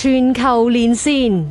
全球連線，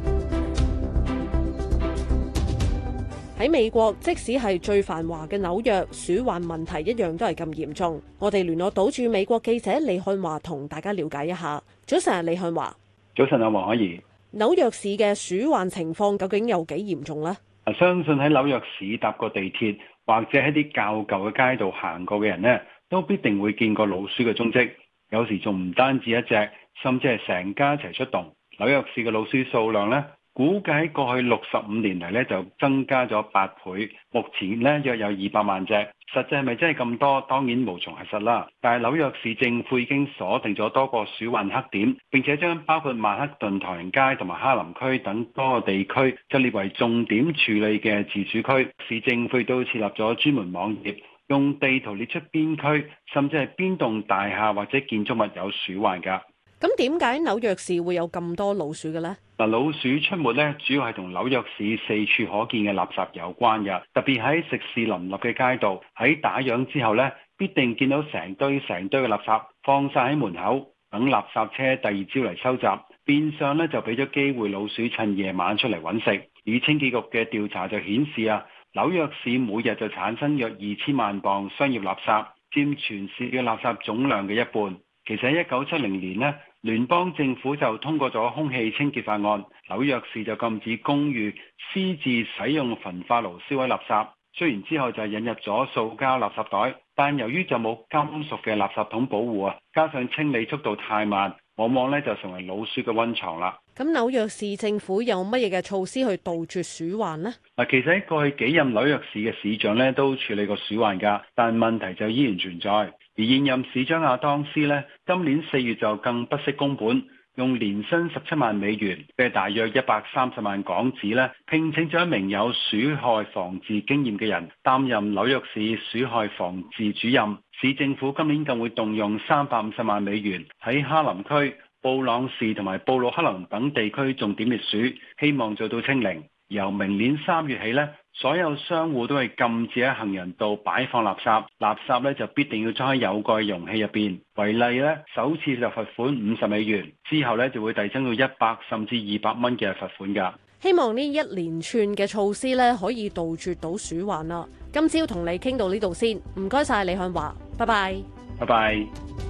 喺美國，即使係最繁華嘅紐約，鼠患問題一樣都係咁嚴重。我哋聯絡到駐美國記者李漢華，同大家了解一下。早晨啊，李漢華。早晨阿黃凱宜。紐約市嘅鼠患情況究竟有幾嚴重呢？相信喺紐約市搭過地鐵，或者喺啲較舊嘅街道行過嘅人呢，都必定會見過老鼠嘅蹤跡。有時仲唔單止一隻，甚至係成家一齊出動。紐約市嘅老鼠數量呢，估計喺過去六十五年嚟呢就增加咗八倍，目前呢，約有二百萬隻。實際係咪真係咁多？當然無從核實啦。但係紐約市政府已經鎖定咗多個鼠患黑點，並且將包括曼克頓、唐人街同埋哈林區等多個地區，就列為重點處理嘅治鼠區。市政府亦都設立咗專門網頁，用地圖列出邊區，甚至係邊棟大廈或者建築物有鼠患噶。咁點解紐約市會有咁多老鼠嘅呢？嗱，老鼠出沒咧，主要係同紐約市四處可見嘅垃圾有關嘅。特別喺食肆林立嘅街道，喺打烊之後咧，必定見到成堆成堆嘅垃圾放晒喺門口，等垃圾車第二朝嚟收集，變相呢就俾咗機會老鼠趁夜晚出嚟搵食。而清潔局嘅調查就顯示啊，紐約市每日就產生約二千萬磅商業垃圾，佔全市嘅垃圾總量嘅一半。其實喺一九七零年咧，聯邦政府就通過咗空氣清潔法案，紐約市就禁止公寓私自使用焚化爐燒毀垃圾。雖然之後就引入咗塑膠垃圾袋，但由於就冇金屬嘅垃圾桶保護啊，加上清理速度太慢。往往咧就成為老鼠嘅溫床啦。咁紐約市政府有乜嘢嘅措施去杜絕鼠患呢？嗱，其實過去幾任紐約市嘅市長咧都處理過鼠患噶，但問題就依然存在。而現任市長亞當斯呢，今年四月就更不惜公本。用年薪十七萬美元嘅，大約一百三十萬港紙呢，聘請咗一名有鼠害防治經驗嘅人擔任紐約市鼠害防治主任。市政府今年更會動用三百五十萬美元喺哈林區、布朗士同埋布魯克林等地區重點滅鼠，希望做到清零。由明年三月起呢，所有商戶都係禁止喺行人道擺放垃圾，垃圾呢就必定要裝喺有蓋容器入邊。為例呢，首次就罰款五十美元，之後呢就會遞增到一百甚至二百蚊嘅罰款噶。希望呢一連串嘅措施呢可以杜絕到鼠患啦。今朝同你傾到呢度先，唔該晒李漢華，拜拜，拜拜。